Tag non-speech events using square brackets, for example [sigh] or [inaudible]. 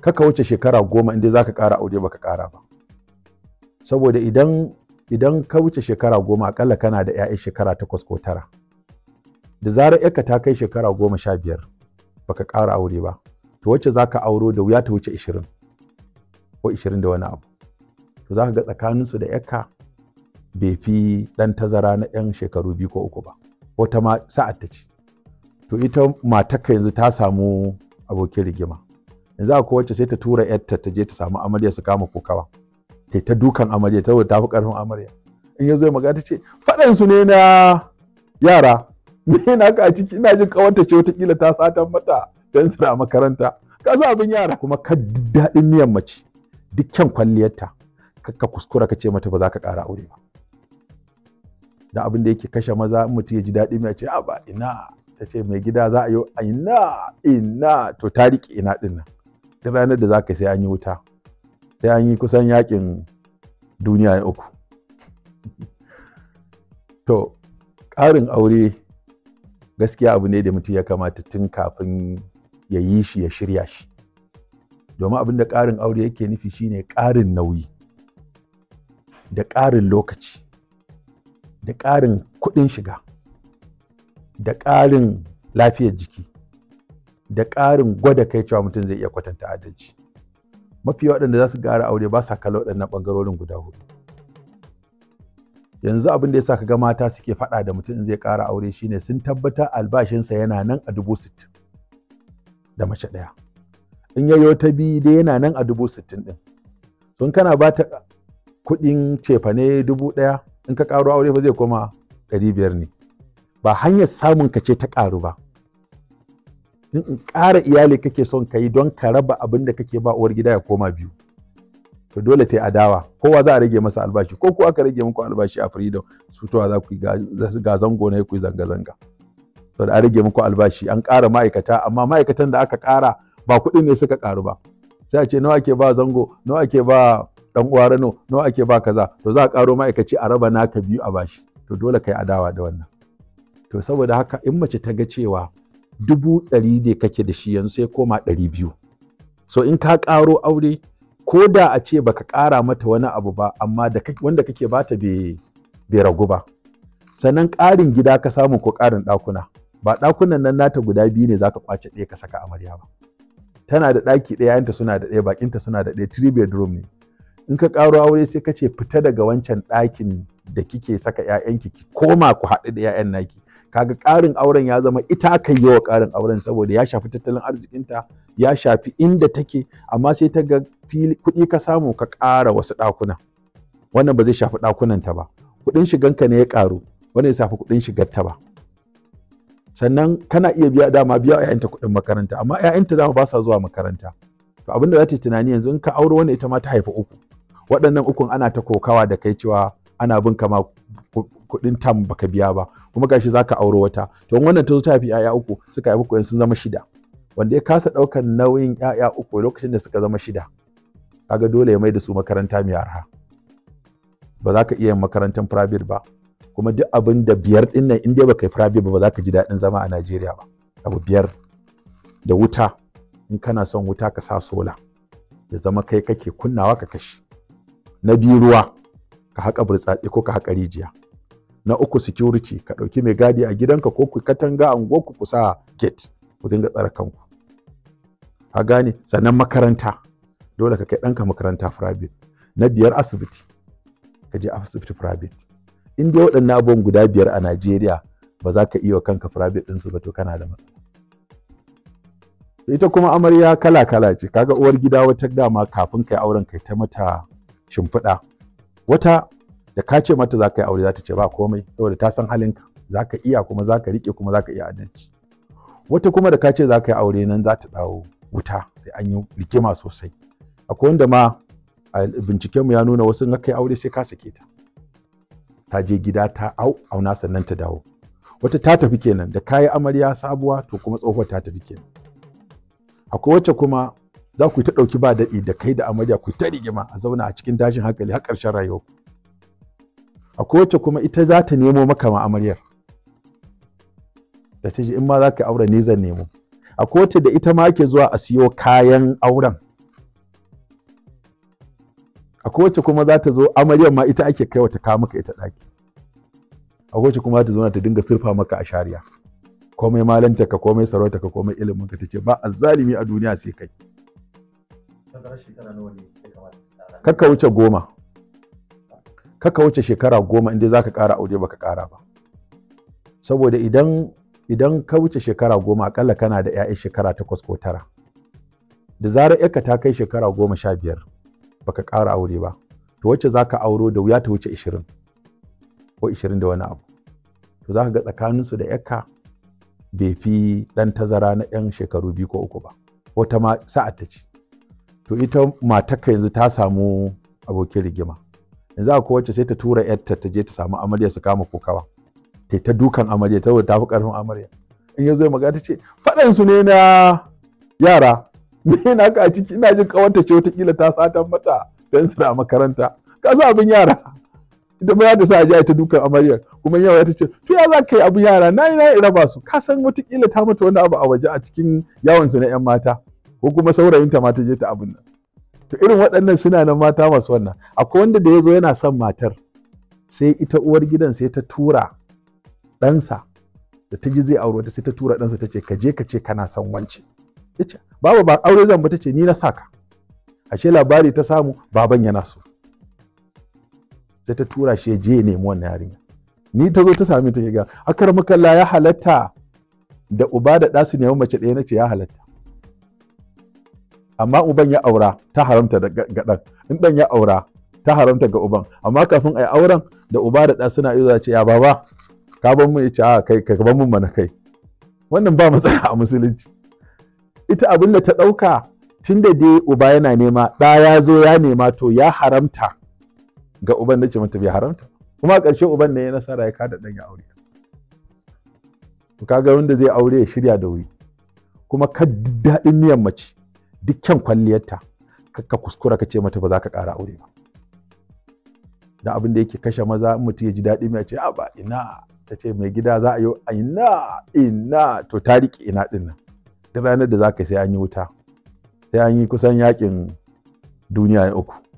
kaka wuce shekara goma inda za ka ƙara aure baka ƙara ba saboda idan ka wuce shekara goma akalla kana da 'ya'yan shekara takwas ko tara da zarar yarka ta kai shekara goma sha biyar baka ƙara aure ba to wacce za ka auro da wuya ta wuce ishirin ko ishirin da wani abu to za ka ga tsakaninsu da yarka bai fi ɗan tazara na 'yan shekaru biyu ko uku ba wata ma sa'ad ta ce to ita matakka yanzu ta samu abokin rigima yanzu akwai wacce sai ta tura yarta ta je ta samu amarya su kama kokawa ta ta dukan amarya ta ta fi karfin amarya in ya zo magana ta ce faɗan su ne na yara me na ka ciki ina jin kawanta ce watakila ta satan mata dan su a makaranta ka sa abin yara kuma ka daɗin miyan mace dukkan kwalliyarta ka kuskura ka ce mata ba za ka ƙara aure ba da abin da yake kashe maza mutum ya ji daɗi mai ce a ba ina ta ce mai gida za a yi ina ina to ta riƙe ina ɗin nan ta ranar da za ka sai an yi wuta sai an yi kusan yakin duniya na uku [laughs] to ƙarin aure gaskiya abu ne da mutum ya kamata tun kafin ya yi shi ya shirya shi domin abin da ƙarin aure yake nufi shine ƙarin nauyi da ƙarin lokaci da ƙarin kuɗin shiga da ƙarin lafiyar jiki da ƙarin gwada kai cewa mutum zai iya kwatanta adalci mafi waɗanda za su gara aure ba sa kalla waɗannan ɓangarorin guda hudu yanzu abin da ya sa ka ga mata suke faɗa da mutum in zai ƙara aure shine sun tabbatar albashinsa yana nan a dubu sittin da mace ɗaya in yayo ta biyu dai yana nan a dubu sittin ɗin sun kana ba ta kuɗin cefane dubu ɗaya in ka ƙaro aure ba zai koma ɗari biyar ne ba hanyar samun ka ce ta ƙaru ba in ƙara iyali kake son ka yi don ka raba abin da kake ba uwar gida ya koma biyu to dole ta yi adawa kowa za a rage masa albashi ko ko aka rage muku albashi a freedom su towa za ku yi ga zango na ku yi zanga-zanga to da a rage muku albashi an ƙara ma'aikata amma ma'aikatan da aka ƙara ba kuɗi ne suka ƙaru ba sai a ce nawa ake ba zango nawa ake ba dan uwa rano nawa ake ba kaza to za a ƙaro ma'aikaci a raba naka biyu a bashi to dole ka yi adawa da wannan to saboda haka in mace ta ga cewa dubu ɗari ne kake da shi yanzu sai koma ɗari biyu so in ka ƙaro aure ko da a ce baka ƙara mata wani abu ba amma da wanda kake bata bai ragu ba sannan ƙarin gida ka samu ko ƙarin ɗakuna ba ɗakunan nan nata guda biyu ne zaka kwace ɗaya ka saka amarya ba tana da ɗaki ɗaya yanta suna da ɗaya bakinta suna da ɗaya three bedroom ne in ka ƙaro aure sai ka ce fita daga wancan ɗakin da kike saka 'ya'yanki ki koma ku haɗu da 'ya'yan naki kaga ƙarin auren ya zama ita kan yi wa ƙarin auren saboda ya shafi tattalin arzikinta ya shafi inda take amma sai ta ga kuɗi ka samu ka ƙara wasu ɗakuna wannan ba zai shafi ɗakunanta ba kuɗin shiganka ne ya ƙaru wannan ya shafi kuɗin shigarta ba sannan kana iya biya dama biya wa 'ya'yanta kuɗin makaranta amma 'ya'yanta dama ba sa zuwa makaranta to abinda za ta yi tunani yanzu in ka auro wani ita ma ta haifi uku waɗannan ukun ana ta kokawa da kai cewa ana bin kama kuɗin tam baka biya ba kuma gashi zaka auro wata to wannan ta zo ta fi 'ya'ya uku suka haifi kuɗin sun zama shida wanda ya kasa ɗaukar nauyin 'ya'ya uku lokacin da suka zama shida kaga dole ya mai da su makaranta mai arha ba za ka iya yin makarantar private ba kuma duk abin da biyar ɗin nan in dai baka yi private ba ba za ka ji daɗin zama a Najeriya ba abu biyar da wuta in kana son wuta ka sa sola ya zama kai kake kunnawa ka kashe na biyu ruwa ka haƙa burtsatse ko ka haƙa rijiya na uku security ka ɗauki mai gadi a gidanka ko ku katanga a unguwarku ku sa gate ku dinga tsare kanku a gane sannan makaranta dole ka kai ɗanka makaranta private na biyar asibiti ka je asibiti private in waɗannan abubuwan guda biyar a Najeriya ba za ka iya wa kanka private ɗinsu ba to kana da matsala ita kuma amarya kala kala ce kaga uwar gida wata dama kafin kai auren kai ta mata shimfiɗa wata da ka ce mata za ka yi aure za ta ce ba komai saboda ta san halinka za ka iya kuma za ka riƙe kuma za ka iya adalci wata kuma da ka ce za ka yi aure nan za ta dawo wuta sai an yi rigima sosai akwai wanda ma binciken mu ya nuna wasu in ka yi aure sai ka sake ta ta je gida ta au auna sannan ta dawo wata ta tafi kenan da kayi amarya sabuwa to kuma tsohuwar ta tafi kenan akwai wacce kuma za ku yi ta ɗauki ba daɗi da kai da amarya ku ta rigima a zauna a cikin dashin hankali har ƙarshen rayuwa akwai wacce kuma ita za ta nemo maka ma amaryar da ta ji in ma za ka aure ne zan nemo akwai kowace da ita ma ke zuwa a siyo kayan auren akwai kowace kuma za ta zo amaryar ma ita ake kai wata kawo maka ita ɗaki akwai kowace kuma za ta zo ta dinga surfa maka a shariya komai malanta ka komai sarauta ka komai ilimin ka ce. ba azzalimi a duniya sai kai kakka wuce goma kaka wuce shekara goma inda za ka ƙara aure baka ƙara ba saboda idan idan ka wuce shekara goma akalla kana da 'ya'yan shekara takwas ko tara da zarar 'yarka ta kai shekara goma sha biyar baka ƙara aure ba to wacce za ka auro da wuya ta wuce ishirin ko ishirin da wani abu to za ka ga tsakaninsu da 'yarka bai fi ɗan tazara na 'yan shekaru biyu ko uku ba wata ma sa'a ta ce. to ita matarka yanzu ta samu abokin rigima yanzu akwai wacce sai ta tura yarta ta je ta samu amarya su kama kokawa ta ta dukan amarya saboda ta fi karfin amarya in ya magana ta ce faɗan su ne na yara me na ka ciki ina jin kawanta ce kila ta satan mata dan su a makaranta ka sa abin yara ita ba da sa a ta dukan Amarya, kuma ya ta ce to ya za ka yi abin yara na yi na yi raba su ka san kila ta mata wani abu a waje a cikin yawon na yan mata ko kuma saurayinta ma ta je ta abin nan to irin waɗannan suna nan mata masu wannan akwai wanda da ya zo yana son matar sai ita uwar gidan sai ta tura ɗansa da ta ji zai aure ta sai ta tura ɗansa ta ce ka je ka ce kana son wance ita baba ba aure zan ba ta ce ni na saka ashe labari ta samu baban yana so sai ta tura shi je ya nemi wannan yarinya ni ta zo ta sami ta ga akar makalla ya halatta da uba da ɗa ne mace ɗaya na ce ya halatta amma uban ya aura ta haramta ga ɗan in ɗan ya aura ta haramta ga uban amma kafin a yi auren da uba da ɗa suna iya ce ya baba ka ban mun ce a ah, kai ka ban mun mana kai wannan ba matsala a musulunci ita abin da ta ɗauka tun da dai uba yana nema ɗa ya zo ya nema to ya haramta ga uban da ce mata bai haramta kuma a ƙarshe uban ne ya nasara ya kada ɗan ya aure ka ga wanda zai aure ya shirya da wuri kuma ka daɗin miyan mace dukkan kwalliyarta ka kuskura ka ce mata ba za ka kara aure ba da abin da yake kashe maza mutum ya ji daɗi mai ce ba ina ta ce mai gida za a yi ina ina to ta riƙe ina ɗin nan da ranar da za ka sai an yi wuta sai an yi kusan yaƙin duniya na uku